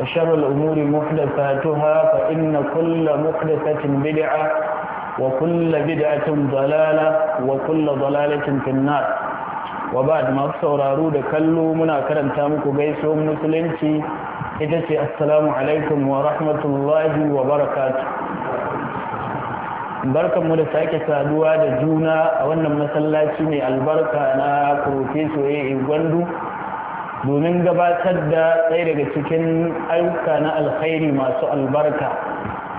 وشر الأمور محدثاتها فإن كل محدثة بدعة وكل بدعة ضلالة وكل ضلالة في النار وبعد ما sauraro da kallo muna karanta muku gaisuwar musulunci ita ce assalamu alaikum wa rahmatullahi wa barakatuh barkanmu da sake saduwa da juna a wannan masallaci mai albarka na profeso ya gwandu domin gabatar da ɗaya daga cikin ayyuka na alkhairi masu albarka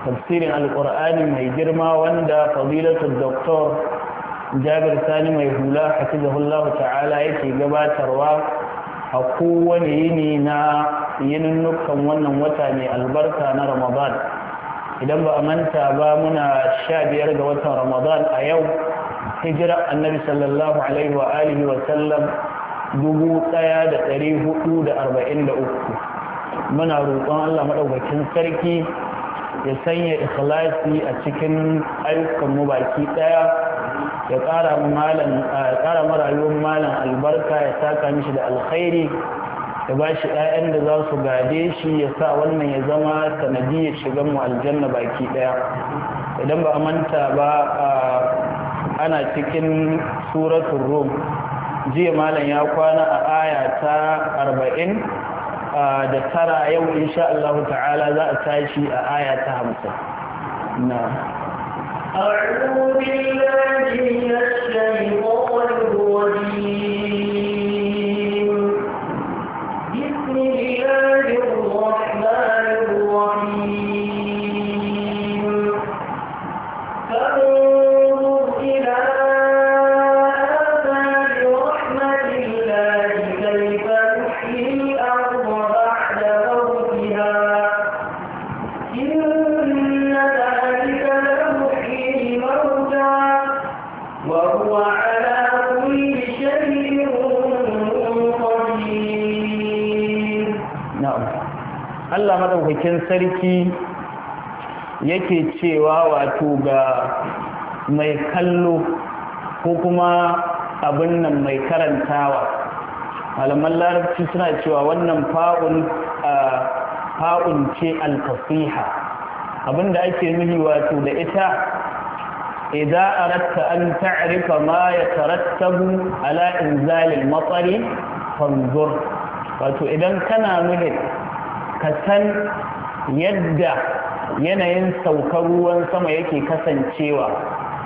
tafsirin alkur'ani mai girma wanda fadilatul doktor jabir sani mai hula hafizahullahu ta'ala yake gabatarwa a kowane yini na nukan wannan wata mai albarka na ramadan idan ba a manta ba muna sha biyar ga watan ramadan a yau hijira annabi sallallahu alaihi wa alihi wa sallam dubu ɗaya da ɗari hudu da arba'in da uku muna roƙon allah maɗaukakin sarki ya sanya ikhlasi a cikin ayyukanmu baki ɗaya ya ƙara mu malam albarka ya saka mishi da alkhairi ya ba shi ‘ya'yan da za su gade shi ya sa wannan ya zama sanadiyar shigan mu aljanna baki ɗaya idan ba a manta ba ana cikin suratun rum jiya malam ya kwana a aya ta arba'in da tara yau insha Allah ta'ala za a tashi a aya ta hamsin na أعوذ بالله من الشيطان الرجيم Allah madaukakin sarki yake cewa wato ga mai kallo ko kuma abin nan mai karantawa malaman larabci suna cewa wannan fa'un fa'un ce alkasiha abinda ake nuhi wato da ita idza aratta an ta'rifa ma yatarattabu ala inzalil matsari fanzur wato idan kana nuhi ka san yadda yanayin saukar ruwan sama yake kasancewa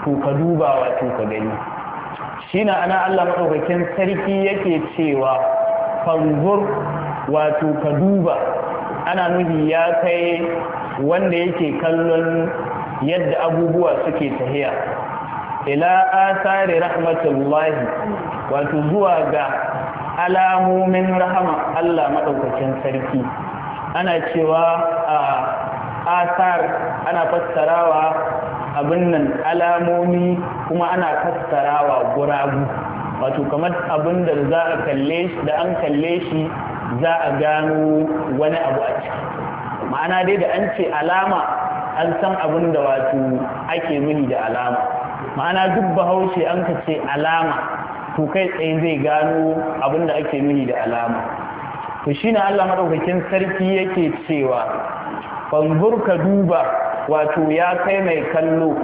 to ka dubawa to ka gani shi na ana Allah maɗaukakin sarki yake cewa fanzur wato ka duba ana nuhi ya kai wanda yake kallon yadda abubuwa suke tahiya ila asari rahmatullahi wato zuwa ga alamomin rahama Allah maɗaukakin sarki ana cewa a asar ana fassarawa abin nan alamomi kuma ana fassarawa guragu wato kamar abin da za a kalle shi da an kalle shi za a gano wani abu a ciki ma'ana dai da an ce alama an san abin da wato ake mini da alama ma'ana duk bahaushe an ka ce alama to kai tsaye zai gano abin da ake mini da alama to shine Allah madaukakin sarki yake cewa fanzur ka duba wato ya kai mai kallo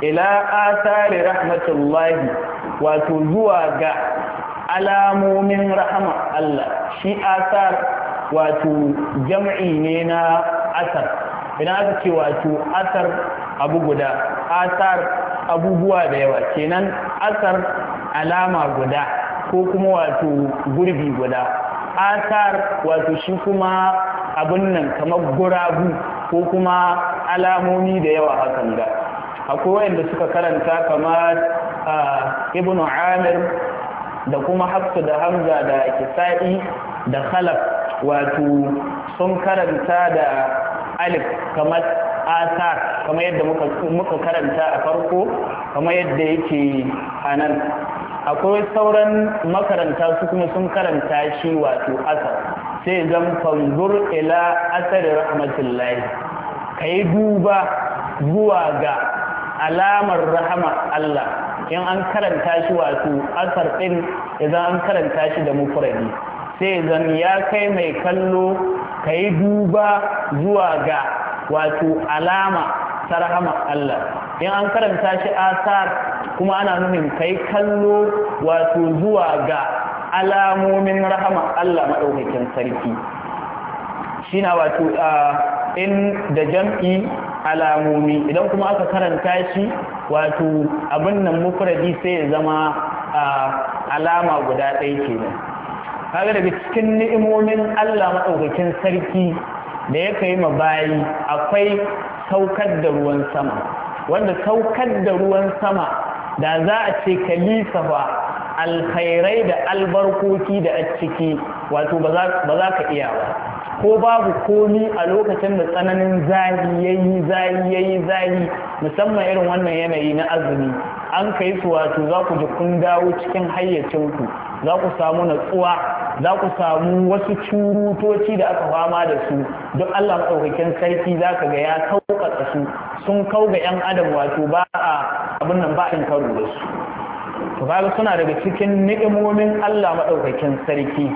ila asari rahmatullahi wato zuwa ga alamomin rahama Allah shi asar wato jam'i ne na asar idan aka ce wato asar abu guda asar abubuwa da yawa kenan asar alama guda ko kuma wato gurbi guda asar wato shi kuma abin nan kamar guragu ko kuma alamomi da yawa hakan da akwai wanda suka karanta kamar ibn amir da kuma hafsu da hamza da kisa'i da khalaf wato sun karanta da alif kamar asar kamar yadda muka karanta a farko kamar yadda yake a nan akwai sauran makaranta su kuma sun karanta shi wato asar sai zan fanzur ila asar rahmatullahi ka yi duba zuwa ga alamar rahama Allah in an karanta shi wato asar ɗin idan an karanta shi da mufuradi sai zan ya kai mai kallo ka yi duba zuwa ga wato alama ta rahama Allah in an karanta shi asar kuma ana nufin kai kallo wato zuwa ga alamomin rahama Allah maɗaukakin sarki shi na wato in da jam'i alamomi idan kuma aka karanta shi wato abin nan mufradi sai ya zama alama guda ɗaya kenan kaga daga cikin ni'imomin Allah maɗaukakin sarki da ya kai ma bayi akwai saukar da ruwan sama wanda saukar da ruwan sama da za a ce kalisa ba alkhairai da albarkoki da a ciki wato ba za ka iya ba ko babu komi a lokacin da tsananin zahi yi zahi yi zahi musamman irin wannan yanayi na azumi an kai su wato za ku ji kun dawo cikin hayyacinku za ku samu natsuwa za ku samu wasu curutoci da aka fama da su don Allah maɗaukakin sarki za ka ga ya kauƙaƙa su sun kau ga 'yan adam wato ba a abin nan ba in karo da su to kaga suna daga cikin ni'imomin Allah maɗaukakin sarki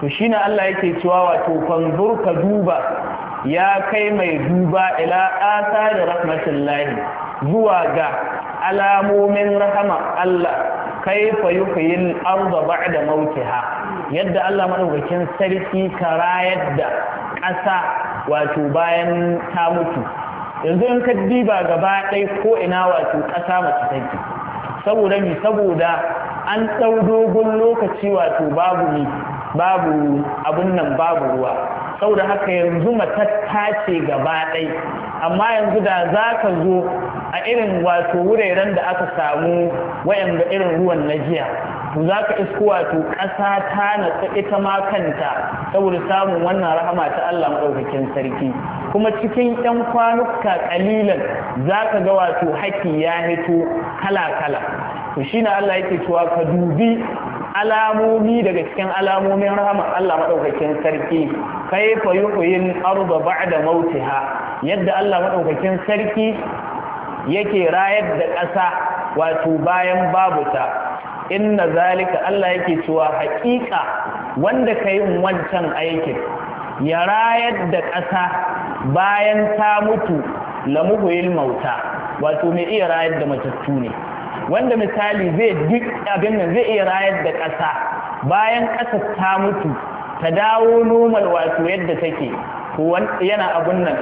to shine Allah yake cewa wato fanzur ka duba ya kai mai duba ila da rahmatullahi zuwa ga alamomin rahama Allah kaifa yuhyil arda ba'da mautiha yadda Allah madaukakin sarki karayar da ƙasa wato bayan ta mutu yanzu in ka diba gaba ɗaya ko ina wato ƙasa mace take saboda mi saboda an ɗau dogon lokaci wato babu ni babu abun nan babu ruwa saboda haka yanzu matattace ce gaba ɗai amma yanzu da za ka zo a irin wato wuraren da aka samu wayanda irin ruwan na jiya to za ka isko wato ƙasa ta natsa ita ma kanta saboda samun wannan rahama ta Allah maɗaukakin sarki kuma cikin ƴan kwanuka ƙalilan za ka ga wato haƙƙi ya hito kala-kala to shi na Allah yake cewa ka dubi alamomi daga cikin alamomin rahaman Allah maɗaukakin sarki kai fa yuhyin arda ba'da mautiha yadda Allah maɗaukakin sarki yake rayar da ƙasa wato bayan babu ta inna zalika Allah yake cewa haƙiƙa wanda yi wancan aikin ya rayar da ƙasa bayan ta mutu lamuhuyin mauta wato mai iya rayar da matattu ne wanda misali zai duk abin nan zai iya rayar da ƙasa bayan ƙasa ta mutu ta dawo nomal wato yadda take yana abin nan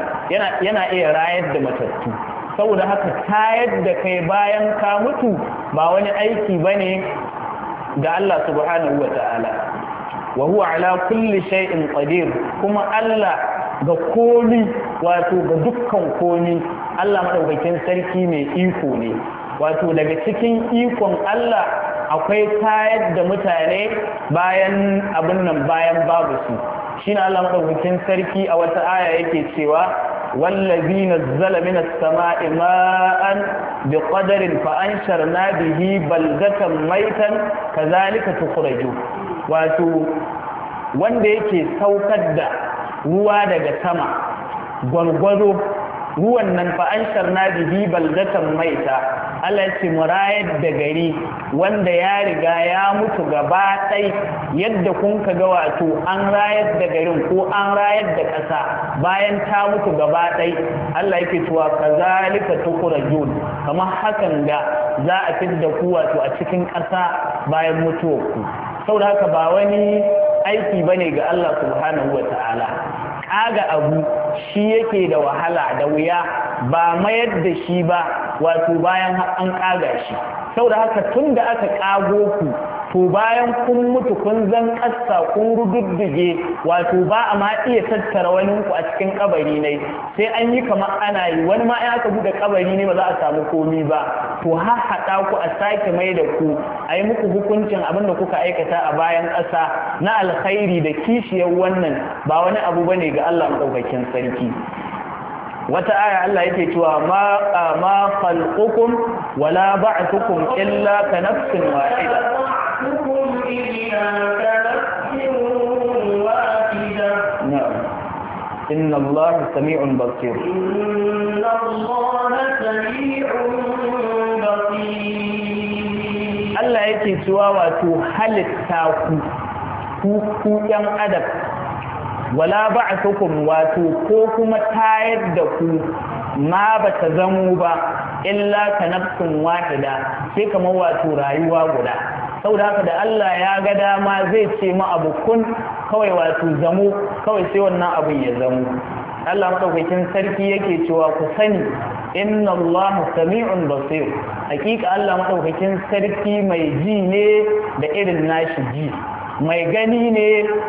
yana iya rayar da matattu saboda haka ta yadda kai bayan ka mutu ba wani aiki ba ne, ga Allah subhanahu wataala wa huwa ala kulli shay'in qadir kuma Allah ga komi wato ga dukkan komi Allah maɗaukakin sarki mai iko ne wato daga cikin ikon Allah akwai tayar da mutane bayan abin nan bayan babu su Shi shine Allah madaukakin sarki a wata aya yake cewa wallazi zala minas sama'i ma'an biqadarin fa'anshar na bihi balgatan maitan kazalika tukhraju wato wanda yake saukar da ruwa daga sama gwargwado ruwan nan fa an da bihi mai maita Allah ya ce murayar da gari wanda ya riga ya mutu gaba ɗai yadda kun ka ga wato an rayar da garin ko an rayar da ƙasa bayan ta mutu gaba ɗai Allah yake cewa kazalika tukurajun kamar hakan da za a fidda ku wato a cikin ƙasa bayan ku. saboda haka ba wani aiki bane ga Allah subhanahu wa ta'ala kaga abu shi yake da wahala da wuya ba mayar da shi ba wato bayan an kaga shi saboda haka tun da aka kago ku to bayan kun mutu kun zan ƙasa kun rududdige wato ba a ma iya tattara wani ku a cikin kabari ne sai an yi kamar ana yi wani ma ya aka bude kabari ne ba za a samu komi ba to ha hada ku a sake mai da ku a yi muku hukuncin abin da kuka aikata a bayan ƙasa na alkhairi da kishiyar wannan ba wani abu bane ga Allah ɗaukakin sarki wata aya Allah yake cewa ma ma khalqukum wala ba'thukum illa ka nafsin wahida إن الله سميع بصير إن الله سميع بصير الله yake cewa wato halitta ku ku ku yan adab wala sukun wato ko kuma tayar da ku ma ba ta zamo ba illa ka nafsun wahida sai kamar wato rayuwa guda saboda haka da Allah ya ga dama zai ce ma abu kun kawai wato zamo kawai sai wannan abin ya zamo Allah madaukakin sarki yake cewa ku sani inna Allah sami'un basir hakika Allah madaukakin sarki mai ji ne da irin nashi ji mai gani ne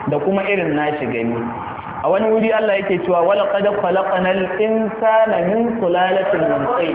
da kuma irin nashi gani a wani wuri Allah yake cewa wala qad khalaqnal insana min sulalatin min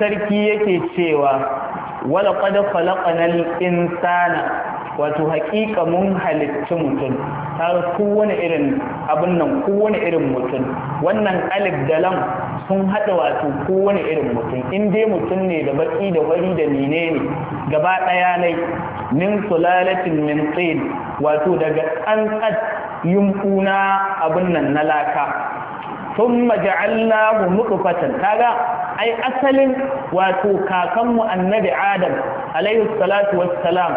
sarki yake cewa wala qad khalaqnal insana wato haƙiƙa mun halitta mutum har kowane irin abin nan kowane irin mutum wannan alif da lam sun haɗa wato kowane irin mutum in dai mutum ne da baki da wari da nine ne gaba ɗaya nai min sulalatin min tsin wato daga tsantsat na abin nan na laka sun maja'allahu muɗufatan kaga ai asalin wato kakanmu annabi adam alaihi salatu wassalam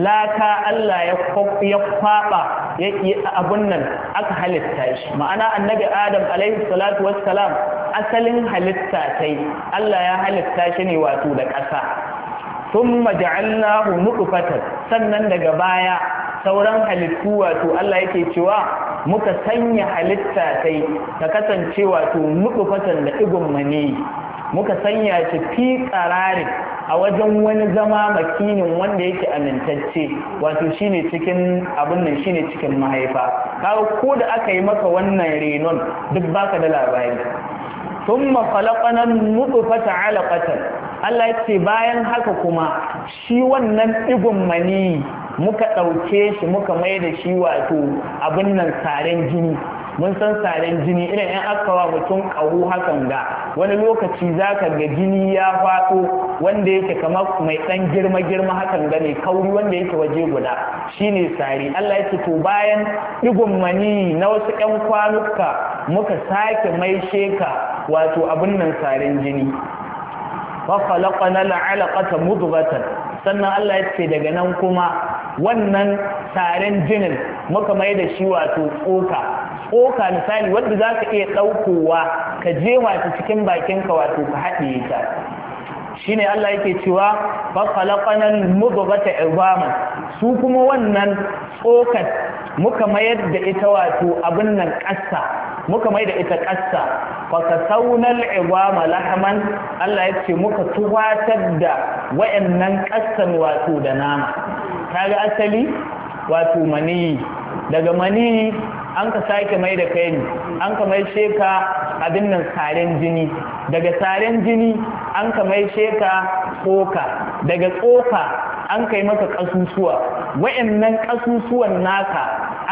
laka Allah ya kwaba ya abun nan aka halitta shi ma'ana annabi adam alaihi salatu wassalam asalin halitta sai Allah ya halitta shi ne wato da ƙasa thumma ja'alnahu nutfatan sannan daga baya sauran halittu wato Allah yake cewa muka sanya halitta sai ta kasance wato nutfatan da igun mani muka sanya shi fi tsararin a wajen wani zama makinin wanda yake amintacce wato shine cikin abin nan shine cikin mahaifa kawo ko da aka yi maka wannan renon duk baka da labari thumma khalaqanan fata alaqatan Allah ce bayan haka kuma shi wannan digon mani muka ɗauke shi muka mai da shi wato abin nan jini mun san tsarin jini irin yan askawa mutum abu hakan ga wani lokaci za ka ga jini ya faɗo wanda yake kamar mai ɗan girma girma hakan ga mai kauri wanda yake waje guda shine tsari Allah yake to bayan digon mani na wasu 'yan kwanuka muka sake mai sheka wato abin nan tsarin jini na sannan Allah ya ce daga nan kuma wannan tsarin jinin muka mai da shi wato tsoka tsoka misali wanda za ka iya ɗaukowa ka je wata cikin bakinka wato ka haɗe ta shi ne Allah yake cewa ba falakwanan mubabata izaman su kuma wannan tsokar muka mayar da ita wato abin nan ƙasa muka mai da ita ƙasa fa ka saunar irbama lahaman Allah ya ce muka tuwatar da wayannan ƙasan wato da nama Ta ga asali wato mani daga mani an ka sake mai da kai ne an ka mai sheka abin nan saren jini daga saren jini an ka mai sheka tsoka daga tsoka an kai maka ƙasusuwa wayannan ƙasusuwan naka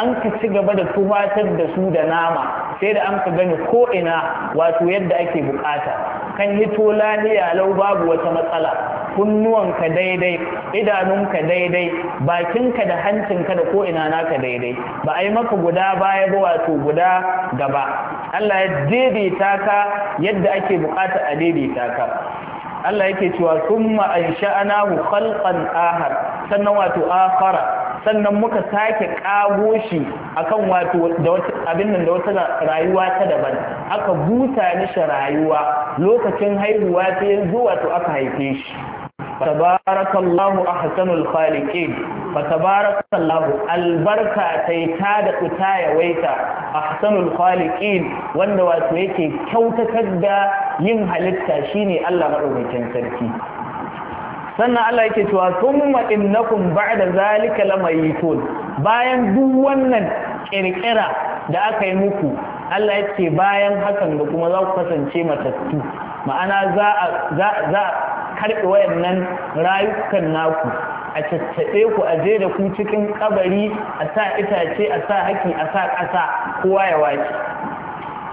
an ka ci gaba da tufatar da su da nama sai da an ka gani ko ina wato yadda ake bukata kan hito lahiya lau babu wata matsala Kunnuwan ka daidai idanunka daidai bakinka da hancin ka da ko ina naka daidai ba a yi maka guda baya ba wato guda gaba Allah ya daidaita ka yadda ake bukata a daidaita ka Allah yake cewa summa ansha'nahu khalqan ahar sannan wato akhara sannan muka sake kago shi akan wato da wata abin nan da wata rayuwa ta daban aka buta mishi rayuwa lokacin haihuwa ta yanzu wato aka haife shi tabarakallahu ahsanul khaliqin fa tabarakallahu albarka tai ta da uta ya waita ahsanul khaliqin wanda wato yake kyautatar da yin halitta shine Allah madaukakin sarki sannan Allah yake cewa thumma innakum ba'da zalika lamayitun bayan duk wannan kirkira da aka yi muku Allah yake bayan hakan da kuma za ku kasance matattu ma'ana za a za za karbe wayannan rayukan naku a caccaɓe ku a je da ku cikin kabari a sa itace a sa haki a sa ƙasa kowa ya wace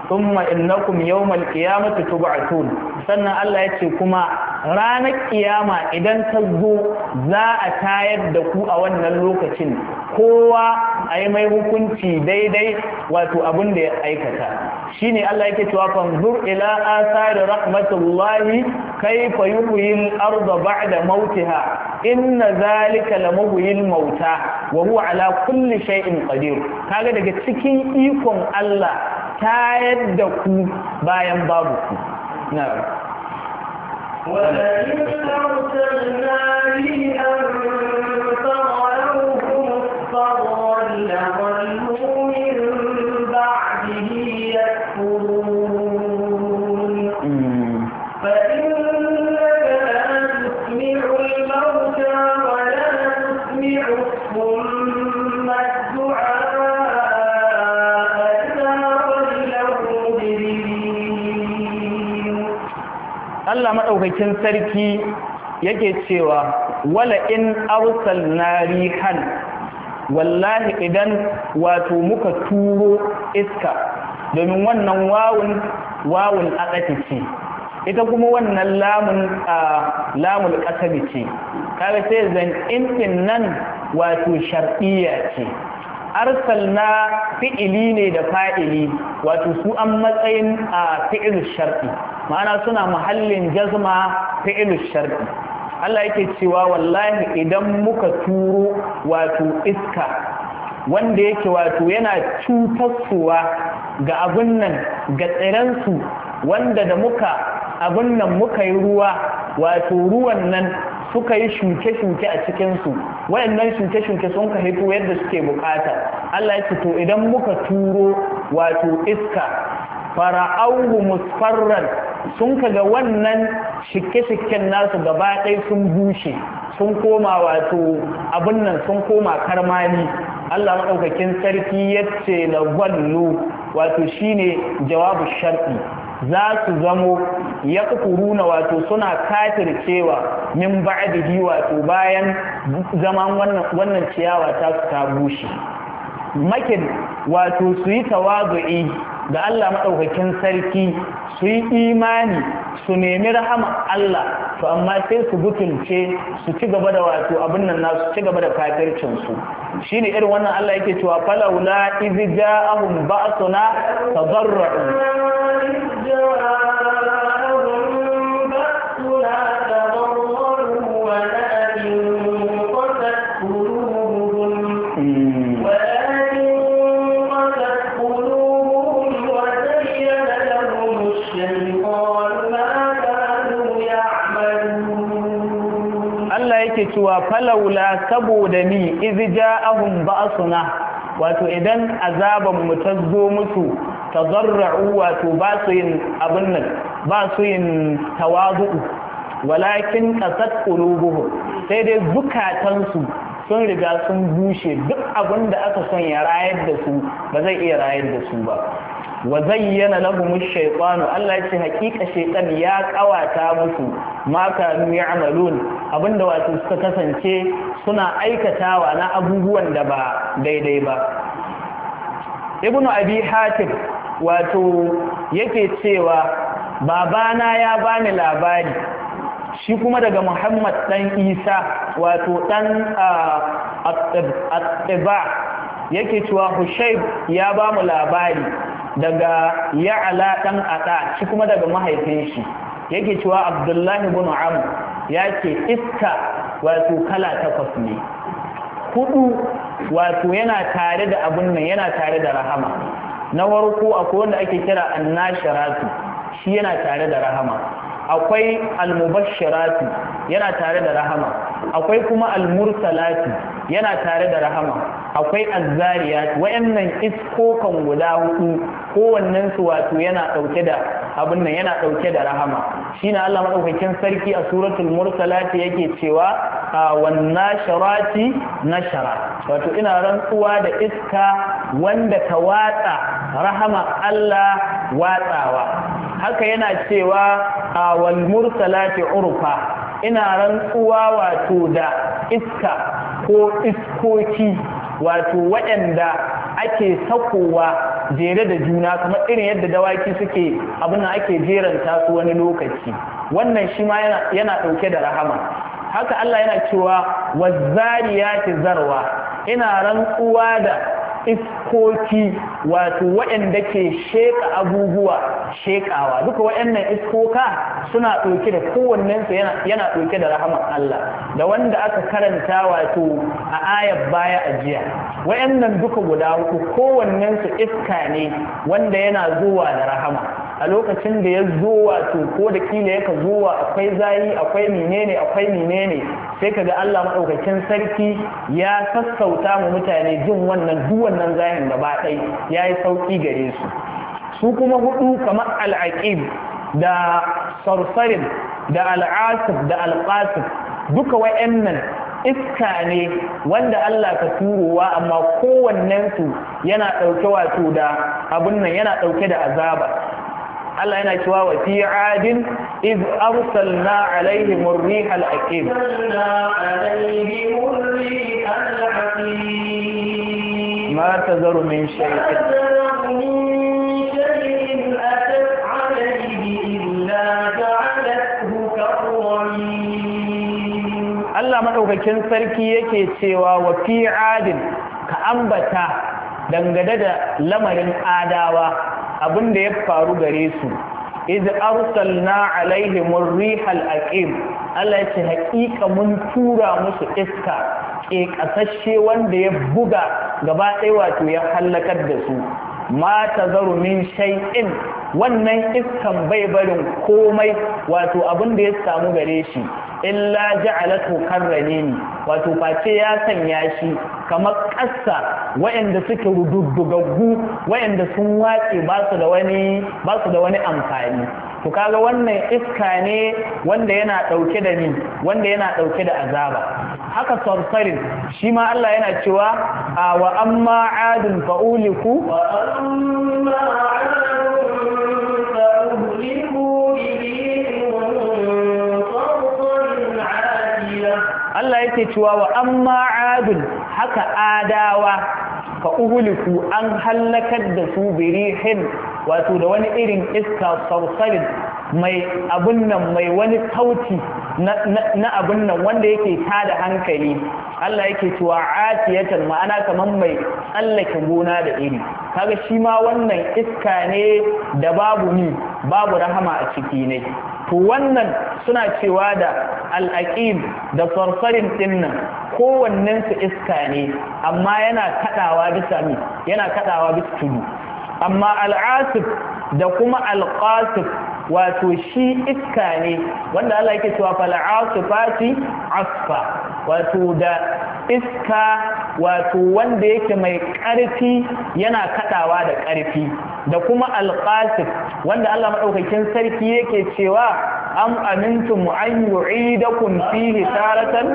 thumma innakum yawmal qiyamati tub'atun sannan Allah yace kuma ranar kiyama idan ta zo za a tayar da ku a wannan lokacin kowa a yi mai hukunci daidai wato abin da ya aikata shi ne Allah yake cewa fanzur ila asari rahmatullahi kaifa yuhyil arda ba'da mautiha inna zalika lamuhyil mauta wa huwa ala kulli shay'in qadir kaga daga cikin ikon Allah tayar da ku bayan babu ku na'am ولئن أرسلنا لي أن mafarkin sarki yake cewa wala in arsal narihan wallahi idan wato muka turo iska domin wannan wawun wawun akati ce ita kuma wannan lamun a lamun kasabi ce kaga sai zan in nan wato shar'iyya ce arsalna fi'ili ne da fa'ili wato su an matsayin a fi'il shar'i ma'ana suna mahallin jazma fi'il shar'i Allah yake cewa wallahi idan muka turo wato iska wanda yake wato yana cutarsuwa ga abin nan ga tsiransu wanda da muka abin nan muka yi ruwa wato ruwan nan suka yi shuke-shuke a cikinsu waɗannan shuke-shuke sun ka haifu yadda suke bukata Allah ya fito to idan muka turo wato iska fara'auhu musfarran sun ka ga wannan shike-shiken nasu gaba ɗaya sun bushe sun koma wato abin nan sun koma karmani Allah maɗaukakin sarki ya ce na wallu wato shine jawabu sharɗi za su zamo ya kuruna wato suna cewa min ba'dihi wato bayan zaman wannan ciyawa ta su ta bushe makin wato su yi tawazu'i da Allah maɗaukakin sarki su yi imani su nemi rahama Allah to amma sai su butulce su ci gaba da wato abin nan nasu ci gaba da kafircinsu shi ne irin wannan Allah yake cewa falaula izi ja'ahum ba'suna tadarra'u cewa falaula saboda ni izi ja'ahum ba'suna wato idan azaban mu ta zo musu tazarra'u wato ba su yin abin nan ba su yin walakin qasat qulubuhum sai dai bukatansu sun riga sun bushe duk abin da aka son ya rayar da su ba zai iya rayar da su ba wa zayyana lahum ash shaytan Allah ya ce hakika shaytan ya kawata musu ma kanu ya'malun abinda wato suka kasance suna aikatawa na abubuwan da ba daidai ba Ibn abi hatim wato yake cewa babana ya bani labari shi kuma daga muhammad dan isa wato dan at yake cewa hushaib ya ba mu labari daga ya dan aɗa shi kuma daga mahaifin shi yake cewa abdullahi bin am ya ce iska wato kala takwas ne hudu wato yana tare da abun nan yana tare da rahama na warko akwai wanda ake kira annashiratu shi yana tare da rahama akwai almubashiratu yana tare da rahama akwai kuma almursalatu yana tare da rahama akwai azzariya wayannan iskokan guda hudu kowannen su wato yana dauke da abin nan yana dauke da rahama shine Allah madaukakin sarki a suratul mursalati yake cewa wan nasharati nashara wato ina rantsuwa da iska wanda ta watsa rahama Allah watsawa haka yana cewa wal mursalati urfa ina rantsuwa wato da iska ko iskoki wato waɗanda ake sakowa jere da juna kuma irin yadda dawaki suke abin ake jeranta su wani lokaci wannan shi ma yana ɗauke da rahama haka Allah yana cewa wazzariyati zarwa ina rantsuwa da iskoki wato waɗanda ke sheƙa abubuwa sheƙawa duka waɗannan iskoka suna ɗauke da kowannensu yana ɗauke da rahaman Allah da wanda aka karanta wato a ayar baya a jiya waɗannan duka guda uku kowannensu iska ne wanda yana zuwa da rahama a lokacin da ya zo wato ko da kila yaka zuwa akwai zayi akwai menene akwai menene sai kaga Allah madaukakin sarki ya sassauta mu mutane jin wannan duk wannan da gaba dai yayi sauki gare su su kuma hudu kamar al-aqib da sarsarin da al-asif da al-qasif duka wayannan iska ne wanda Allah ka turowa amma kowannensu yana ɗauke wato da abun nan yana ɗauke da azaba Allah yana cewa wa fi adin iz arsalna alaihi ar-riha al-aqim ma tazaru min shay'in Allah maɗaukakin sarki yake cewa wa fi adin ka ambata dangane da lamarin adawa abin da ya faru gare su iz arsalna alaihim ar-rihal aqim Allah ya ce haƙiƙa mun tura musu iska ke kasashe wanda ya buga gaba ɗaya wato ya halakar da su ma zaru min shay'in wannan iskan bai barin komai wato abin da ya samu gare shi illa ja'alatu karranini wato face ya sanya shi kamar ƙasa wayanda suke rududdugaggu wayanda sun wace ba su da wani ba su da wani amfani to kaga wannan iska ne wanda yana ɗauke da ni wanda yana ɗauke da azaba haka sarsarin shi ma Allah yana cewa wa amma adin fa'uliku wa amma Allah yake cewa wa amma adin haka adawa fa an halakar da su birihin wato da wani irin iska sarsarin mai abun nan mai wani tauti. na abin nan wanda yake tada hankali Allah yake cewa atiyatan ma'ana kaman mai tsallake gona da iri kaga shi ma wannan iska ne da babu ni babu rahama a ciki ne to wannan suna cewa da al'aqim da farfarin dinnan kowannen iska ne amma yana kadawa bisa ni yana kadawa bisa tudu amma al'asif da kuma alƙasif wato shi iska ne wanda Allah yake cewa fal'asifati asfa wato da iska wato wanda yake mai ƙarfi yana kaɗawa da ƙarfi da kuma alƙasif wanda Allah maɗaukakin sarki yake cewa am amintum an da fihi taratan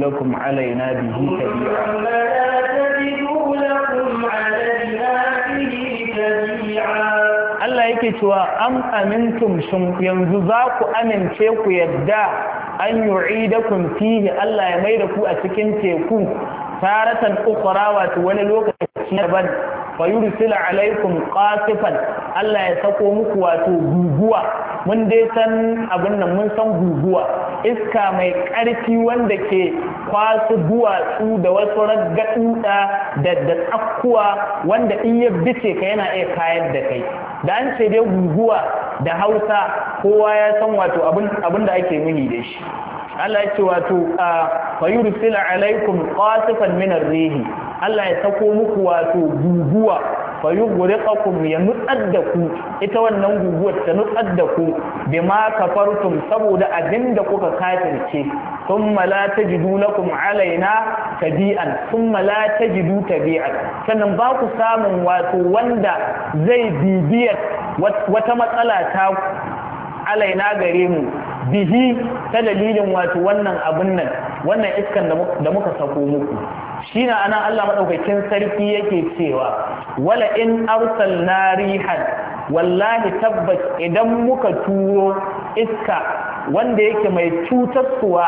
لكم علينا به تبيعا Allah yake cewa an amintum shun yanzu za ku amince ku yadda an yu'idakum fihi Allah ya mai da ku a cikin teku taratan ukhra wato wani lokaci daban fa yursila alaikum qasifan Allah ya sako muku wato guguwa mun dai san abin nan mun san guguwa iska mai ƙarfi wanda ke kwasu duwatsu da wasu raggaɗuɗa da da tsakkuwa wanda in ya bice ka yana iya kayar da kai da an ce dai guguwa da hausa kowa ya san wato abin da ake muni da shi Allah ya ce wato fa yursila alaikum qasifan min ar Allah ya sako muku wato guguwa fa yughriqakum ya nutsar da ku ita wannan guguwar ta nutsar da ku bima kafartum saboda abinda kuka kafirce thumma la tajidu lakum alaina tabi'an thumma la tajidu tabi'an sannan ba ku samun wato wanda zai bibiyar wata matsala ta alaina gare mu bihi ta dalilin wato wannan abun nan wannan iskan da muka sako muku shi na ana Allah maɗaukakin sarki yake cewa wala in na rihan wallahi tabbas idan muka turo iska wanda yake mai cutarsuwa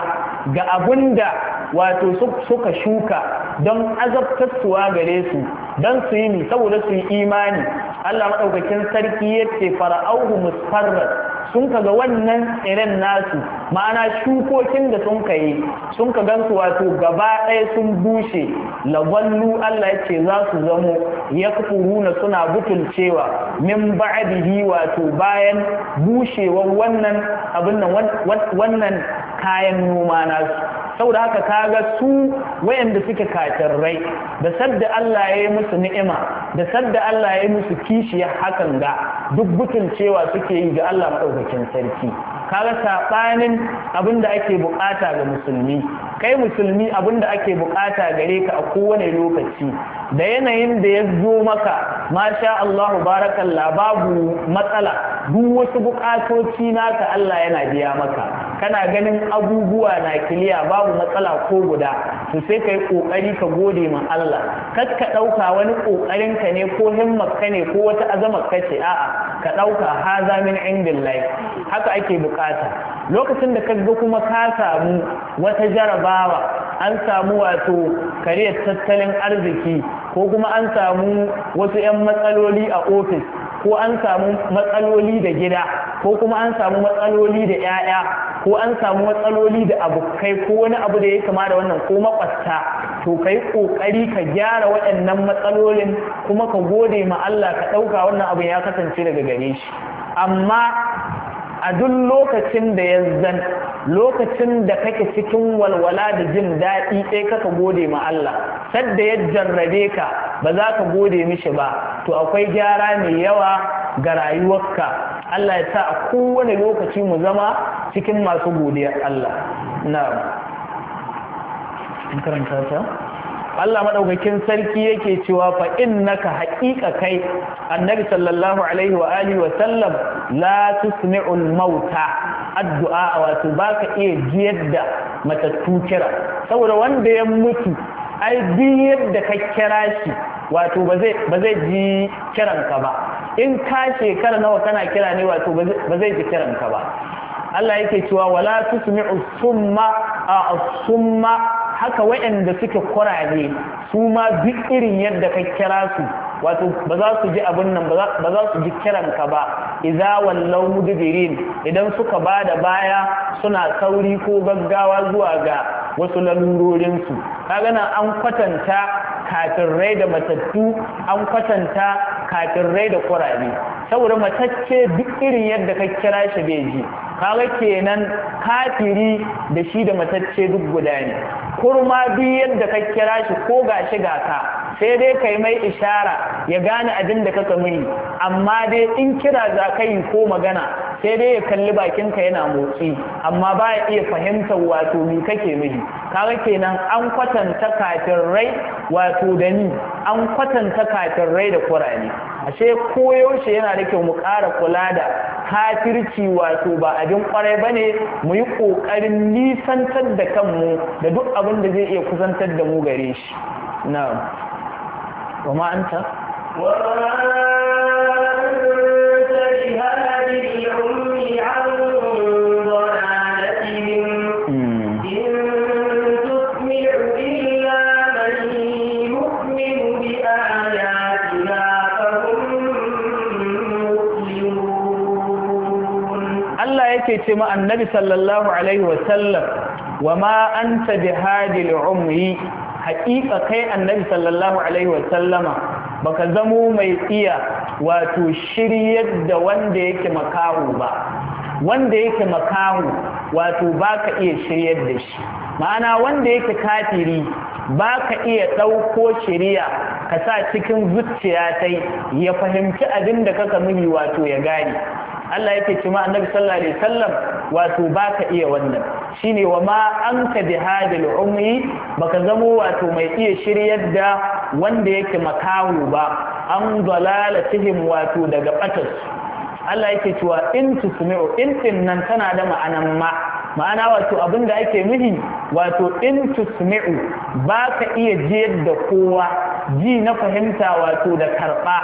ga abunda wato suka shuka don azabtarsuwa gare su don su yi saboda su yi imani Allah maɗaukakin sarki yake fara'auhu musfarar sun kaga wannan tsiren nasu ma'ana shukokin da sun yi sun ka gansu wato gaba ɗaya sun bushe lagwallu Allah ce za su zamo yakfuruna suna butulcewa min ba'dihi wato bayan bushewa wannan abin wannan kayan noma nasu saboda haka kaga su wayanda suke rai da sadda Allah ya yi musu ni'ima da sadda Allah ya yi musu kishiya hakan ga duk butun cewa suke yi ga Allah madaukakin sarki kaga sabanin abinda ake bukata ga musulmi kai musulmi abinda ake bukata gare ka a kowane lokaci da yanayin da ya zo maka masha Allah barakallah babu matsala duk wasu bukatoci naka Allah yana biya maka kana ganin abubuwa na kiliya babu matsala ko guda to sai kai kokari ka gode ma Allah kar ka dauka wani kokarin ka ne ko himmar ka ne ko wata azamar ka ce a'a ka dauka haza min indillahi haka ake bukata bukata lokacin da kaga kuma ka samu wata jarabawa an samu wato kariyar tattalin arziki ko kuma an samu wasu 'yan matsaloli a ofis ko an samu matsaloli da gida ko kuma an samu matsaloli da 'ya'ya ko an samu matsaloli da abokai ko wani abu da ya kama da wannan ko makwasta to ka yi ka gyara waɗannan matsalolin kuma ka gode ma Allah ka ɗauka wannan abu ya kasance daga gare shi amma a duk lokacin da ya zan lokacin da kake cikin walwala da jin daɗi sai kaka gode ma Allah sadda ya jarrabe ka ba za ka gode mishi ba to akwai gyara mai yawa ga rayuwarka Allah ya sa a kowane lokaci mu zama cikin masu godiyar Allah na'am karanta ta Allah madaukakin sarki yake cewa fa innaka haqiqa kai annabi sallallahu alaihi wa alihi wa sallam la al mauta addu'a wato baka iya jiyadda da matattu kira saboda wanda ya mutu ai bi yadda ka kira shi wato ba zai ba zai ji kiranka ba in ka shekara nawa kana kira ne wato ba zai ji ka ba Allah yake cewa wala tusmi'u summa a summa haka waɗanda suke kuraje su ma duk irin yadda ka kira su wato ba za su ji abin nan ba za su ji kiran ka ba idza wallaw mudbirin idan suka bada baya suna sauri ko gaggawa zuwa ga wasu lalurorin su kaga nan an kwatanta kafin rai da matattu an kwatanta kafin rai da kurare saboda matacce duk irin yadda ka kira shi bai ji kaga kenan kafiri da shi da matacce duk guda ne kurma duk yadda ka kira shi ko ga shi ga ka sai dai kai mai ishara ya gane abin da kaka muni amma dai in kira za ka yi ko magana sai dai ya kalli bakin ka yana motsi amma ba ya iya fahimtar wato ni kake miji kaga kenan an kwatanta kafin rai wato da ni an kwatanta kafin rai da kurani ashe koyaushe yana da kyau mu kara kula da kafirci wato ba abin kwarai bane ne mu yi ƙoƙarin nisantar da kanmu da duk abin da zai iya kusantar da mu gare shi na'am wa ma anta wa yake ce ma annabi sallallahu alaihi wasallam wa ma anta bihadil umri haƙiƙa kai annabi sallallahu alaihi wasallama baka zamo mai iya wato shiryar da wanda yake makahu ba wanda yake makahu wato baka iya shiryar da shi ma'ana wanda yake kafiri baka iya ɗauko shiriya ka sa cikin zuciya tai ya fahimci abin da kaka muni wato ya gane Allah yake cewa annabi sallallahu alaihi wasallam wato baka iya wannan shine wa ma anka bi hadil ummi baka zamo wato mai iya shiryar da wanda yake makawo ba an dalalatihim wato daga batas Allah yake cewa in tusmi'u in din nan tana da ma'anan ma ma'ana wato abin da ake nuhi wato in tusmi'u ba ka iya jiyar da kowa ji na fahimta wato da karɓa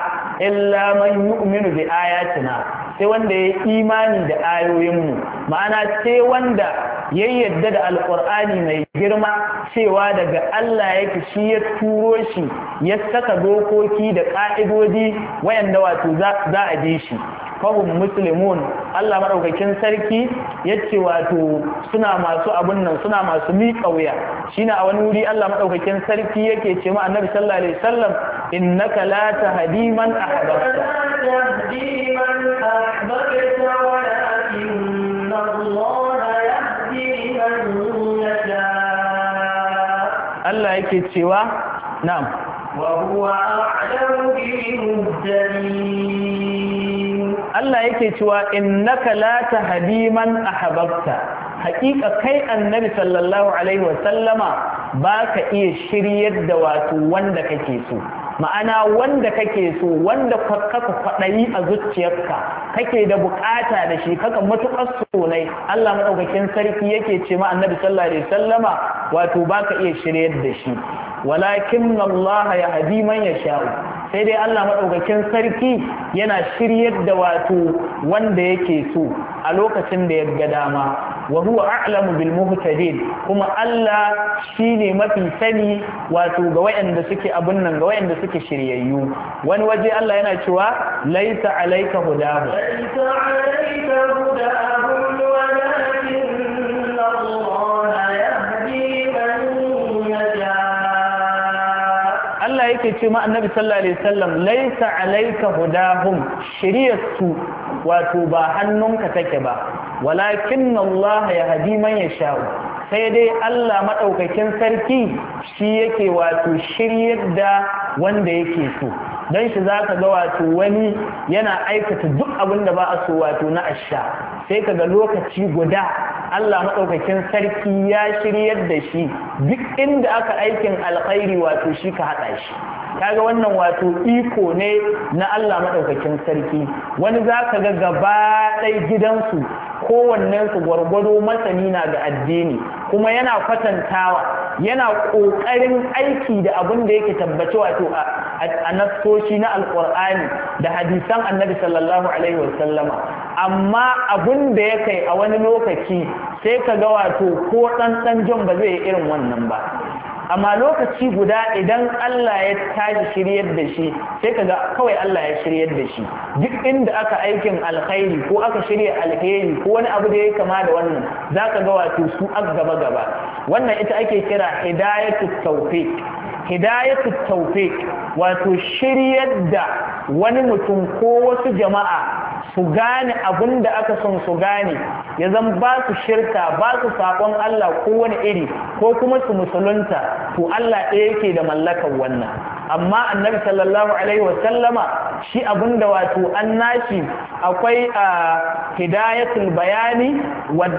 illa man yu'minu bi ayatina sai wanda ya imani da ayoyinmu ma'ana sai wanda ya yadda da alƙur'ani mai girma cewa daga Allah yake shi ya turo shi ya saka dokoki da ƙa'idodi wayanda wato za a bi shi fahim muslimun Allah maɗaukakin sarki ya ce wato suna masu abun nan suna masu miƙa wuya shi na a wani wuri Allah madaukakin sarki yake ce ma annabi sallallahu alaihi wasallam innaka la tahdi man ahbabta Allah yake cewa na'am wa huwa a'lamu bil muhtadin Allah yake cewa innaka la tahdi man ahbabta haƙiƙa kai annabi sallallahu alaihi wasallama ba ka iya shiryar da wato wanda kake so ma'ana wanda kake so wanda kaka kwaɗayi a zuciyarka kake da buƙata da shi kaka matuƙar sonai Allah maɗaukakin sarki yake ce ma annabi sallallahu alaihi wasallama wato ba ka iya shiryar da shi walakin Allah ya hadi man ya sha'u sai dai Allah maɗaukakin sarki yana shiryar da wato wanda yake so a lokacin da ya ga dama wa huwa a'lamu bil muhtadin kuma Allah shine mafi sani wato ga wayanda suke abun nan ga wayanda suke shiryayyu wani waje Allah yana cewa laisa alayka hudahu laisa alayka hudahu yake ce ma annabi sallallahu alaihi wasallam laisa alayka hudahum shiriyatu wato ba hannunka take ba walakin Allah ya hadi man yasha sai dai Allah madaukakin sarki shi yake wato shiryar da wanda yake so don shi za ka ga wato wani yana aikata duk abin da ba a so wato na asha sai kaga lokaci guda Allah maɗaukakin sarki ya shiryar da shi duk inda aka aikin alkhairi wato shi ka haɗa shi kaga wannan wato iko ne na Allah maɗaukakin sarki wani za ka ga gaba ɗai gidansu kowannensu gwargwado masani na ga addini kuma yana kwatantawa yana ƙoƙarin aiki da abin da yake tabbace wato a nassoshi na alƙur'ani da hadisan annabi sallallahu alaihi wasallama amma abin da ya kai a wani lokaci sai ka ga wato ko ɗan ɗan jan ba zai yi irin wannan ba amma lokaci guda idan Allah ya tashi shiryar da shi sai kaga kawai Allah ya shiryar da shi duk inda aka aikin alkhairi ko aka shirya alkhairi ko wani abu da ya kama da wannan zaka ga wato su a gaba gaba wannan ita ake kira hidayatul tawfiq hidayatu tawfiq wato shiryar da wani mutum ko wasu jama'a su gane abin da aka son su gane ya zan ba su shirka ba su sakon Allah wani iri ko kuma su musulunta to Allah ɗaya yake da mallakar wannan amma annabi sallallahu alaihi wasallama shi abin da wato an nashi akwai a hidayatul bayani wad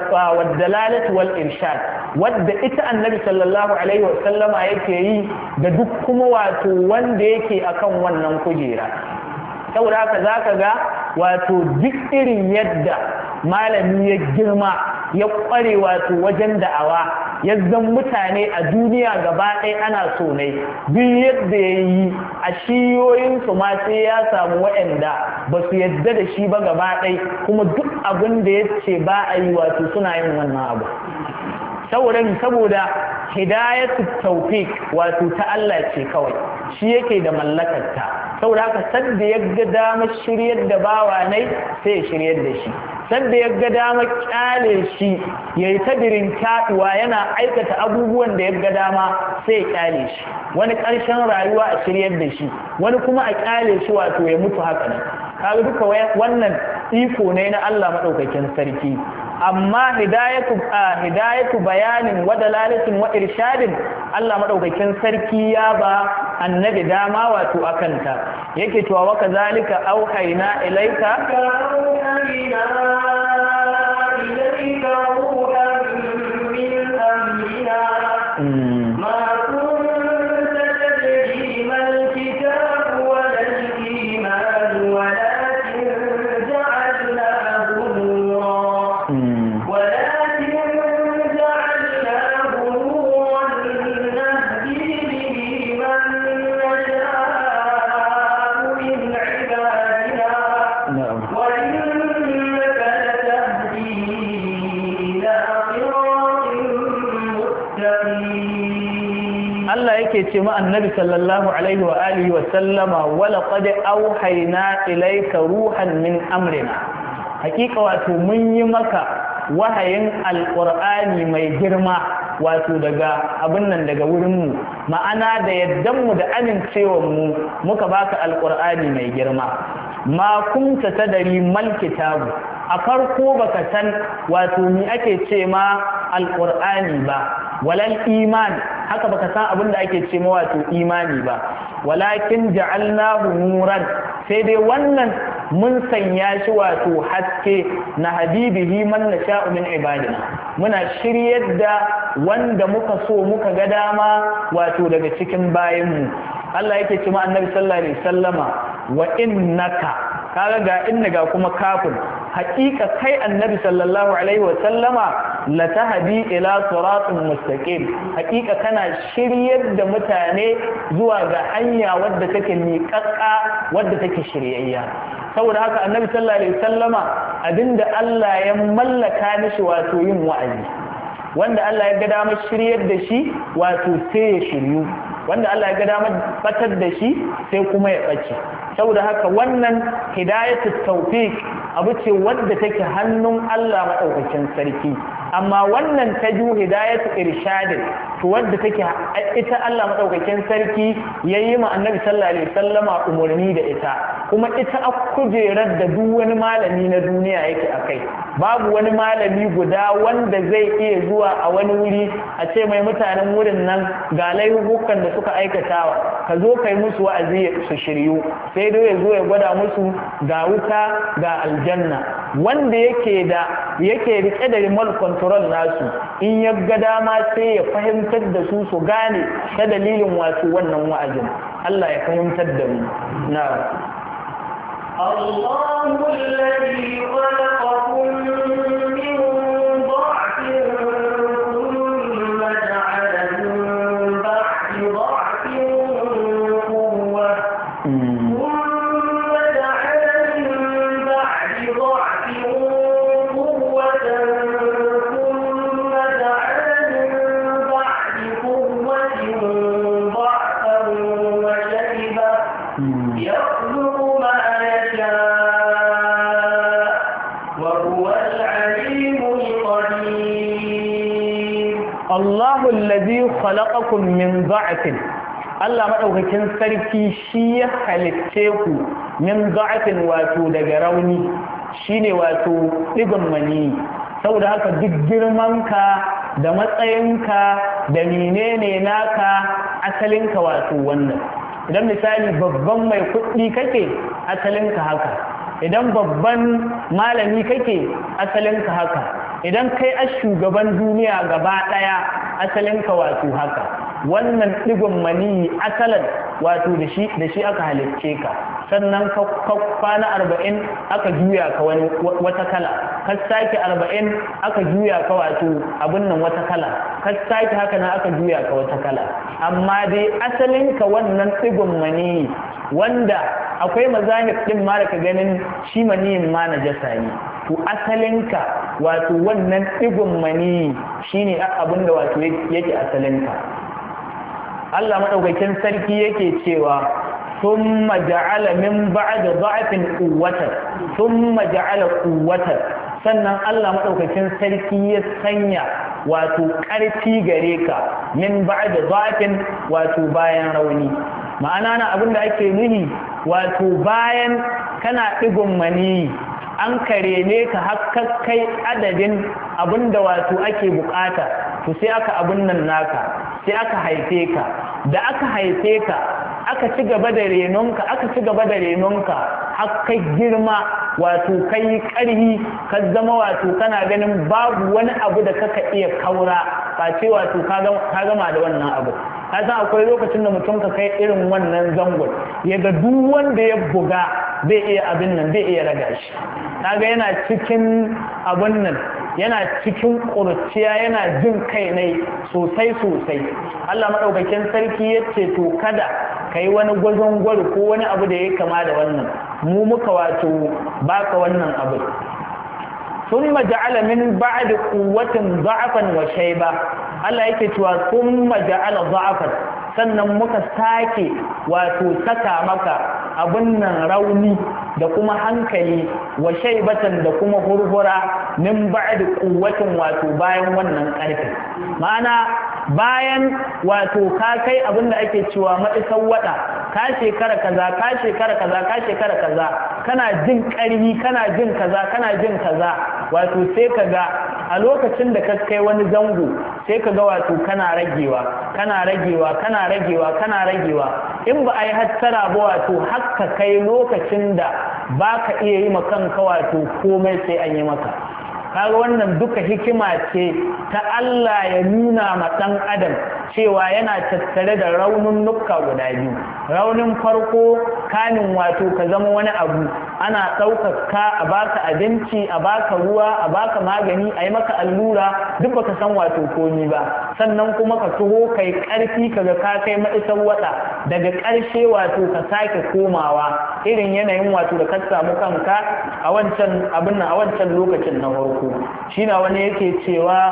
dalalatu wal irshad wadda ita annabi sallallahu alaihi wasallama yake yi da duk kuma wato wanda yake akan wannan kujera saboda haka za ka ga wato duk irin yadda malami ya girma ya kware wato wajen da'awa ya zan mutane a duniya gaba ɗaya ana so ne duk yadda ya yi a shiyoyinsu ma sai ya samu waɗanda ba su yadda da shi ba gaba ɗaya kuma duk abin da ya ce ba a yi wato suna yin wannan abu saboda saboda hidayatu tawfiq wato ta Allah ce kawai shi yake da mallakarta saboda haka sanda ya ga damar shiryar da bawa nai sai ya shiryar da shi sanda ya ga damar kyale shi ya yi tabirin taɗuwa yana aikata abubuwan da ya ga dama sai ya kyale shi wani ƙarshen rayuwa a shiryar da shi wani kuma a kyale shi wato ya mutu haka nan kaga duka wannan iko ne na Allah madaukakin sarki amma hidayatu hidayatu bayanin wa dalalatin wa irshadin Allah madaukakin sarki ya ba annabi dama wato kanta, yake cewa wa kazalika auhayna ilaika ilaika ruhan min amrina mm. annabi sallallahu alaihi wa alihi wa sallama wala qad auhayna ilayka ruhan min amrina hakika wato mun yi maka wahayin alƙur'ani mai girma wato daga abin nan daga wurin mu ma'ana da yaddan mu da amincewar mu muka baka alqur'ani mai girma ma ta tadari mal kitabu a farko baka san wato ni ake ce ma alqur'ani ba walal iman haka baka san abin da ake ce wato imani ba walakin ja'alnahu nuran sai dai wannan mun sanya shi wato haske na habibihi man nasha'u min ibadina muna shiryar da wanda muka so muka ga dama wato daga cikin mu Allah yake ce ma annabi sallallahu alaihi wasallama wa innaka kaga ga inna ga kuma kafin haƙiƙa kai annabi sallallahu alaihi wa sallama la tahdi ila siratin mustaqim haƙiƙa kana shiryar da mutane zuwa ga hanya wadda take miƙaƙa wadda take shiryayya saboda haka annabi sallallahu alaihi wa sallama abinda Allah ya mallaka mishi wato yin wa'azi wanda Allah ya ga damar shiryar da shi wato sai ya shiryu wanda Allah ya ga damar batar da shi sai kuma ya ɓace saboda haka wannan hidayatu tawfiq abu ce wadda take hannun Allah madaukakin sarki amma wannan ta ju hidayatu irshad to wadda take ita Allah madaukakin sarki yayi ma annabi sallallahu alaihi wasallama umurni da ita kuma ita a kujerar da duk wani malami na duniya yake akai babu wani malami guda wanda zai iya zuwa a wani wuri a ce mai mutanen wurin nan ga laifukan da suka aikatawa ka zo kai musu wa'azi su shiryu sai daidai ya zo ya gwada musu ga wuta ga aljanna wanda yake da yake rike da remote control nasu in ya ga dama sai ya fahimtar da su su gane ta dalilin wasu wannan wa'azin Allah ya fahimtar da mu na Allahu alladhi khalaqakum Kun min dha'fin Allah madaukakin sarki shi ya halitte ku min dha'fin wato daga rauni shine wato digon mani saboda haka duk girmanka da matsayinka da menene naka asalinka wato wannan idan misali babban mai kuɗi kake asalinka haka idan babban malami kake asalinka haka idan kai a shugaban duniya gaba ɗaya asalinka wato haka wannan digon maniyi asalan wato da shi da shi aka halicce ka sannan ka kwana arba'in aka juya ka wani wata kala ka sake arba'in aka juya ka wato abin nan wata kala ka sake haka na aka juya ka wata kala amma dai asalin ka wannan digon maniyi wanda akwai mazahib din ma da ka ganin shi maniyin ma na jasa ne to asalinka wato wannan ɗigon mani shine abin da wato yake asalinka Allah maɗaukakin sarki yake cewa thumma ja'ala min ba'da dha'fin uwata, thumma ja'ala quwwatan sannan Allah maɗaukakin sarki ya sanya wato ƙarfi gare ka min ba'da dha'fin wato bayan rauni ma'ana na abin da ake nuni wato bayan kana digon mani an kare ne ka hakkakai adadin abinda wato ake bukata to sai aka abin nan naka sai aka haife ka da aka haife ka aka ci gaba da renonka aka ci gaba da renonka har kai girma wato kai karhi ka zama wato kana ganin babu wani abu da kaka iya kaura ba ce wato ka gama da wannan abu ka san akwai lokacin da mutum ka kai irin wannan zangon ya ga duk wanda ya buga bai iya abin nan bai iya raga shi naga yana cikin abin nan yana cikin ƙurciya yana jin kai ne sosai sosai Allah maɗaukakin sarki ya ce to kada ka yi wani gwazon gwal ko wani abu da ya kama da wannan mu muka wato baka wannan abu ثم جعل من za'afan wa ba. Allah yake cewa sun majaala za'afan. sannan muka sake wato saka maka abin nan rauni da kuma hankali wa shaibatan da kuma hurhura min ba'd quwwatin wato bayan wannan karfi ma'ana bayan wato ka kai abin da ake cewa matsar wada ka shekara kaza ka shekara kaza ka shekara kaza kana jin karfi kana jin kaza kana jin kaza wato sai kaga a lokacin da ka kai wani zango sai kaga wato kana ragewa kana ragewa kana ragewa kana ragewa in ba a yi hattara ba wato ka kai lokacin da ba ka iya yi kanka wato komai sai an yi maka kaga wannan duka hikima ce ta Allah ya nuna ma ɗan adam cewa yana tattare da raunin nukka guda biyu raunin farko kanin wato ka zama wani abu ana ɗaukaka a baka abinci a baka ruwa a baka magani a yi maka allura duk baka san wato komi ba sannan kuma ka tuho kai ƙarfi kaga ka kai maɗisar wata daga ƙarshe wato ka sake komawa irin yanayin wato da ka samu kanka a wancan abin a wancan lokacin na farko shi na wani yake cewa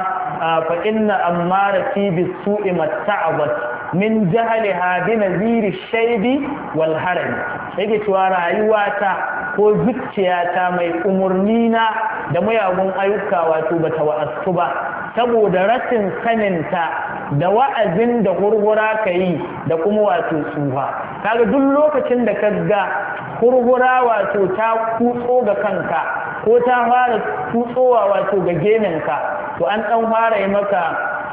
fa inna ammara fi bisu'i matta'abat min jahaliha bi naziri shaidi wal haram yake cewa rayuwata ko zuciyata mai umurni na da mayagun ayyuka wato bata wa'astu ba saboda rashin saninta da wa'azin da hurhura ka yi da kuma wato tsufa kaga duk lokacin da ka ga hurhura wato ta kutso ga kanka ko ta fara kutsowa wato ga geminka to an dan fara yi maka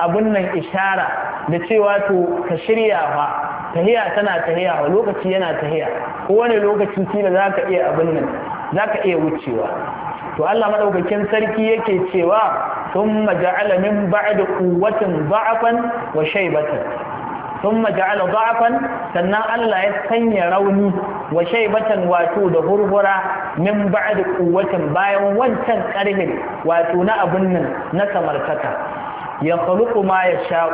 abun nan ishara da cewa to ka shirya ha, tahiya tana tahiya wa lokaci yana tahiya ko wani lokaci tilo za ka iya abin nan za ka iya wucewa to Allah maɗaukakin sarki yake cewa sun maja'ala min ba'adu kuwatin ba'afan wa shai batan sun maja'ala ba'afan sannan Allah ya sanya rauni wa shai wato da hurhura min ba'adu kuwatin bayan wancan ƙarfin wato na abin nan na samartaka ya khaluqu ma yasha'u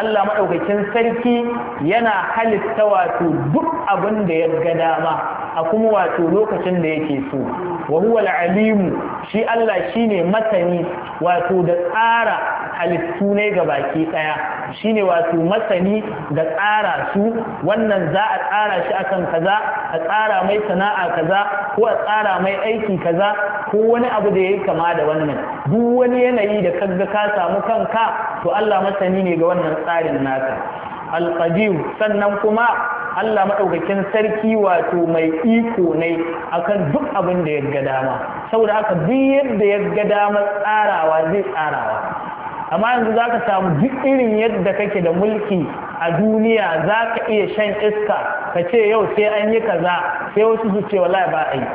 Allah madaukakin sarki yana halitta wato duk abin da ya ga dama a kuma wato lokacin da yake so wa huwa shi Allah shine masani wato da tsara halittu ne ga baki daya shine wato masani da tsara su wannan za a tsara shi akan kaza a tsara mai sana'a kaza ko a tsara mai aiki kaza ko wani abu da ya yi kama da wannan duk wani yanayi da kaga ka samu kanka to Allah masani ne ga wannan tsarin naka alqadir sannan kuma Allah madaukakin sarki wato mai iko ne akan duk abin da ya ga dama saboda haka duk yadda ya ga dama tsarawa zai tsarawa amma yanzu za samu duk irin yadda kake da mulki a duniya zaka iya shan iska ka ce yau sai an yi kaza sai wasu su ce wallahi ba a yi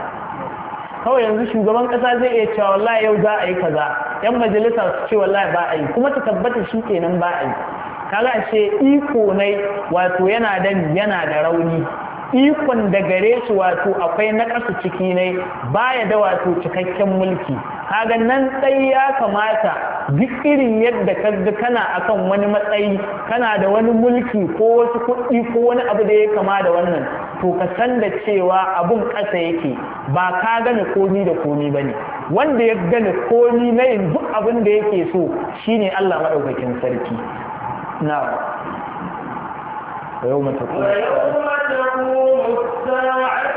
kawai yanzu shugaban kasa zai iya cewa wallahi yau za a yi kaza yan majalisa su ce wallahi ba a yi kuma ta tabbata shi kenan ba a yi kaga ashe iko ne wato yana da yana da rauni ikon da gare shi wato akwai na ƙasa ciki ne baya da wato cikakken mulki kaga nan tsayi ya kamata duk irin yadda ka ga kana akan wani matsayi kana da wani mulki ko wasu kuɗi ko wani abu da ya kama da wannan to ka san da cewa abun ƙasa yake ba ka gane komi da komi ba ne wanda ya gane komi na yin duk abin da yake so shine Allah maɗaukakin sarki ويوم تقوم ويوم تقوم الساعة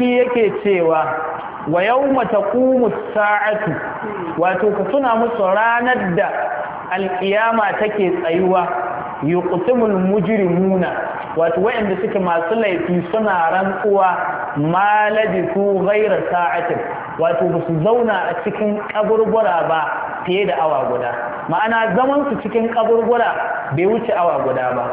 yake cewa wa yawma taqumu saatu wato ka tuna musu ranar da alƙiyama take tsayuwa yuqsimul mujirimuna". wato waɗanda suke masu laifi suna rantsuwa ma ku ghaira sa'atin wato ba su zauna a cikin kaburbura ba fiye da awa guda ma'ana zaman su cikin kaburbura bai wuce awa guda ba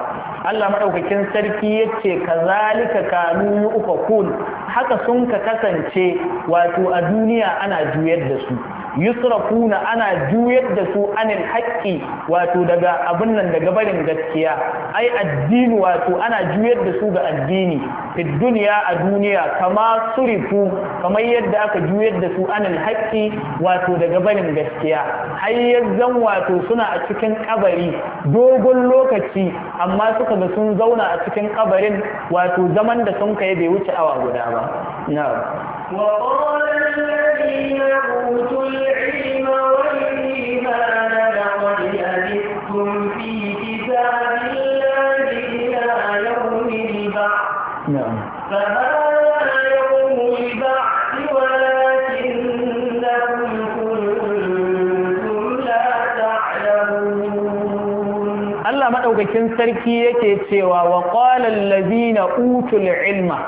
Allah madaukakin sarki yace kazalika kanu yu'fakun haka sun ka kasance wato a duniya ana juyar da su yusrafuna ana juyar da su anil haqqi wato daga abin nan daga barin gaskiya ai addini wato ana juyar da su ga addini fi duniya a duniya kama surifu kamar yadda aka juyar da su anil haqqi wato daga barin gaskiya har yanzan wato suna a cikin kabari dogon lokaci amma suka ga sun zauna a cikin kabarin wato zaman da sun kai bai wuce awa guda ba na'am maɗaukakin sarki yake cewa wa qala allazina utul ilma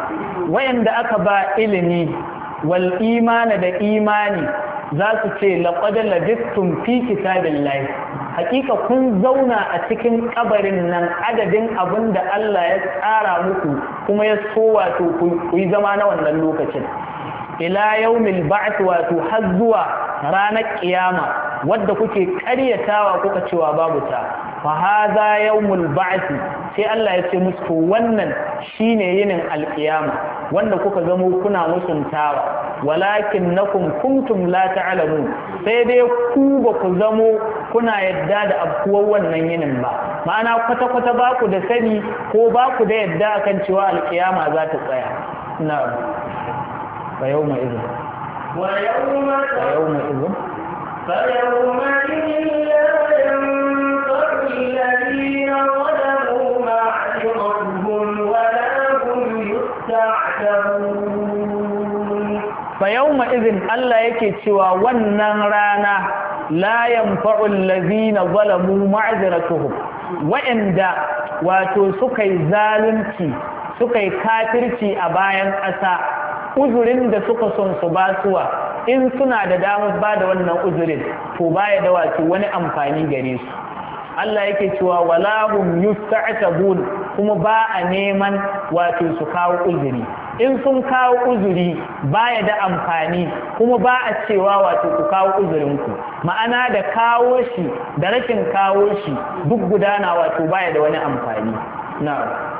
wayanda aka ba ilimi wal imana da imani za su ce laƙwadar labistun fi kitabin layi hakika kun zauna a cikin kabarin nan adadin abin da Allah ya tsara muku kuma ya so wato ku yi zama na wannan lokacin ila yaumil ba'th wato har zuwa ranar kiyama wadda kuke karyatawa kuka cewa babu ta fa hadha yaumul sai Allah ya ce musu wannan shine yinin alkiyama wanda kuka zamo kuna musuntawa walakin nakum kuntum la ta'lamun sai dai ku ba ku zamo kuna yadda da abkuwar wannan yinin ba ma'ana kwata kwata ba ku da sani ko ba ku da yadda akan cewa alkiyama za ta tsaya na ba yau izin wa yau mai izin فيومئذ لا ينفع الذين ظلموا fayauma izin Allah yake cewa wannan rana layan fa’un lazina zalamu ma’aziratu wa’inda wato suka yi zalunci suka yi katirci a bayan ƙasa uzurin da suka son su basuwa in suna da damar ba da wannan uzurin to baya da wato wani amfani gare su Allah yake cewa walahum yusta'tabun kuma ba a neman wato su kawo uzuri in sun kawo uzuri baya da amfani kuma ba a cewa wato ku kawo uzurin ku ma'ana da kawo shi da rashin kawo shi duk gudana wato baya da wani amfani na'am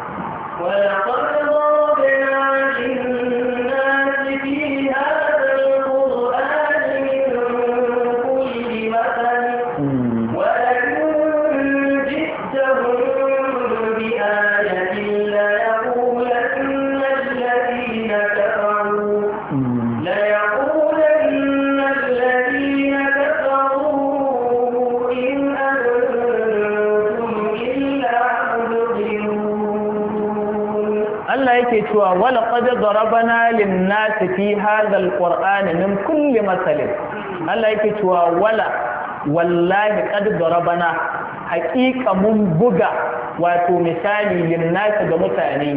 cewa wala qad da lin nasi fi hazal alquran min kulle masalin Allah yake cewa wala wallahi da rabana. haqiqa mun buga wato misali linnasi nasi ga mutane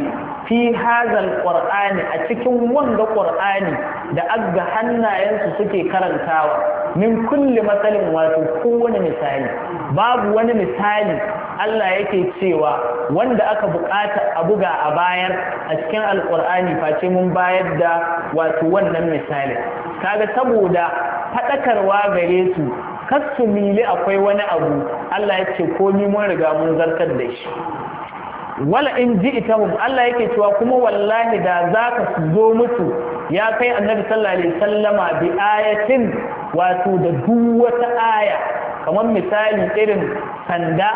fi hazal alquran a cikin wanda qur'ani da aga hannayensu suke karantawa min kulle matsalin wato kowane misali babu wani misali Allah yake cewa wanda aka bukata a buga a bayar a cikin alkur'ani face mun bayar da wato wannan misali kaga saboda faɗakarwa gare su kasu mili akwai wani abu Allah ya ce komi mun riga mun zartar da shi wala in ji ita mu Allah yake cewa kuma wallahi da za ka zo mutu ya kai annabi sallallahu alaihi wasallama bi ayatin wato da duk wata aya kamar misali irin sanda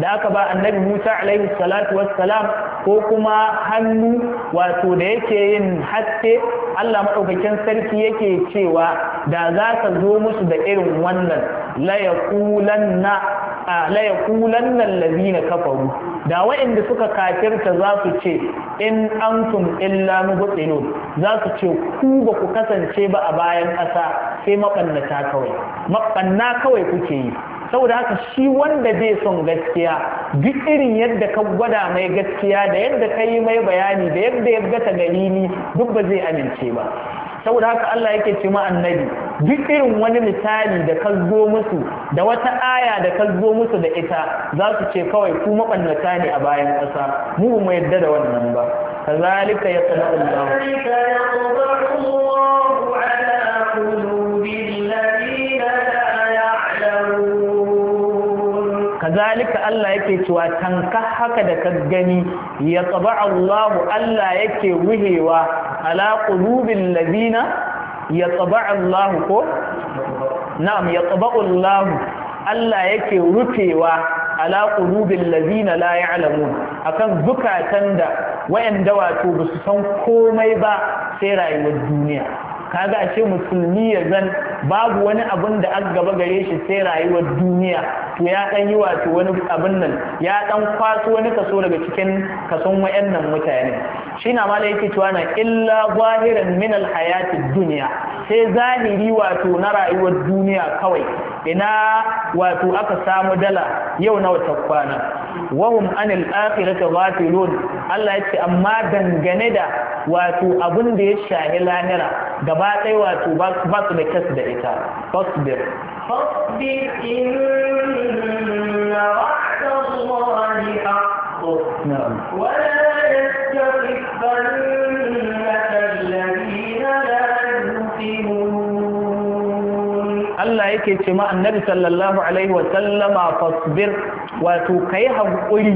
da aka ba annabi Musa alaihi salatu wassalam ko kuma hannu wato da yake yin haske Allah madaukakin sarki yake cewa da za ka zo musu da irin wannan la yaqulanna la yaqulanna na kafaru da waɗanda suka kafirta za su ce in antum illa mubtilun za su ce ku ba ku kasance ba a bayan ƙasa sai mabannata kawai maɓanna kawai kuke yi saboda haka shi wanda zai son gaskiya duk irin yadda ka gwada mai gaskiya da yadda ka yi mai bayani da yadda ya gata galili duk ba zai amince ba saboda haka Allah yake ce ma annabi duk irin wani misali da ka zo musu da wata aya da ka zo musu da ita za su ce kawai ku mabannata ne a bayan ƙasa mu mu yadda da wannan ba kazalika ya Allah kazalika Allah yake cewa tanka haka da ka gani ya tsaba Allahu Allah yake wuhewa ala qulubil ladina ya tsaba Allah ko? na'am ya tsaba Allah Allah yake rufewa ala qulubil lazina la a akan zukatan da wayanda wato ba su san komai ba sai rayuwar duniya kaga a ce musulmi ya zan babu wani abin da aka gaba gare shi sai rayuwar duniya to ya dan yi wato wani abin nan ya dan kwaso wani kaso daga cikin kason wayannan mutane shi na mala yake cewa na illa zahiran min alhayati dunya sai zahiri wato na rayuwar duniya kawai ina wato aka samu dala yau na wata kwana wahum anil akhirati ghafilun Allah yace amma dangane da wato abin da ya shahi lanira gaba ɗaya wato ba su da kasu da ita fasbir fasbir yake ce ma annabi sallallahu alaihi sallama fasbir wato kai hankuri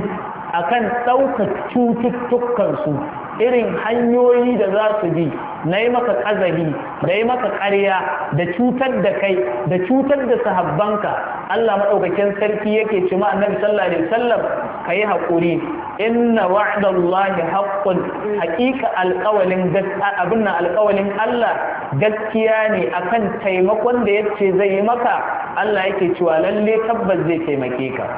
akan ɗaukar cututtukansu irin hanyoyi da za su bi na yi maka ƙazabi da yi maka ƙarya da cutar da kai da cutar da sahabbanka Allah maɗaukakin sarki yake ci ma annabi sallallahu alaihi wasallam ka yi haƙuri inna wa'dallahi haqqun haƙiƙa alƙawalin abin na alƙawalin Allah gaskiya ne akan taimakon da yace zai yi maka Allah yake cewa lalle tabbas zai taimake ka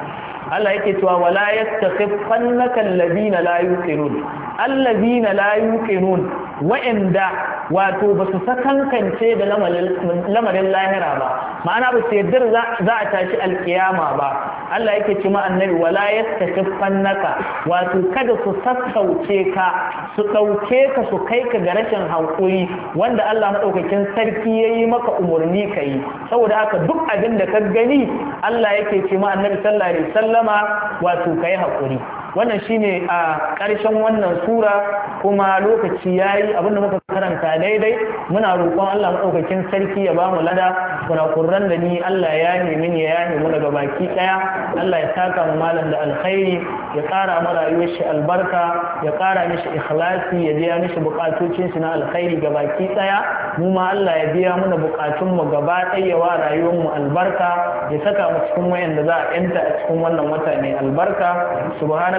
Allah yake cewa wala yastakhifannaka alladhina la yuqinun alladhina la yuqinun wa'anda wato basu sakankance da lamarin lahira ba ma'ana ba su yadda za a tashi alkiyama ba Allah yake ce ma annabi wala yastakhifannaka wato kada su sassauce ka su dauke ka su kai ka ga rashin hankuri wanda Allah madaukakin sarki yayi maka umurni kai saboda haka duk abin da ka gani Allah yake ce ma sallallahu alaihi wasallam sallama wato kai haƙuri wannan shine a ƙarshen wannan sura kuma lokaci yayi abinda muka karanta daidai muna roƙon Allah maɗaukakin sarki ya bamu lada kurakuran da ni Allah ya nemi ni ya nemi mu daga baki ɗaya Allah ya saka mu malam da alkhairi ya ƙara mu rayuwar shi albarka ya ƙara mishi ikhlasi ya biya mishi bukatocin shi na alkhairi ga baki daya mu ma Allah ya biya muna bukatun mu gaba ɗaya wa rayuwar mu albarka ya saka mu cikin wayanda za a yanta a cikin wannan wata mai albarka subhana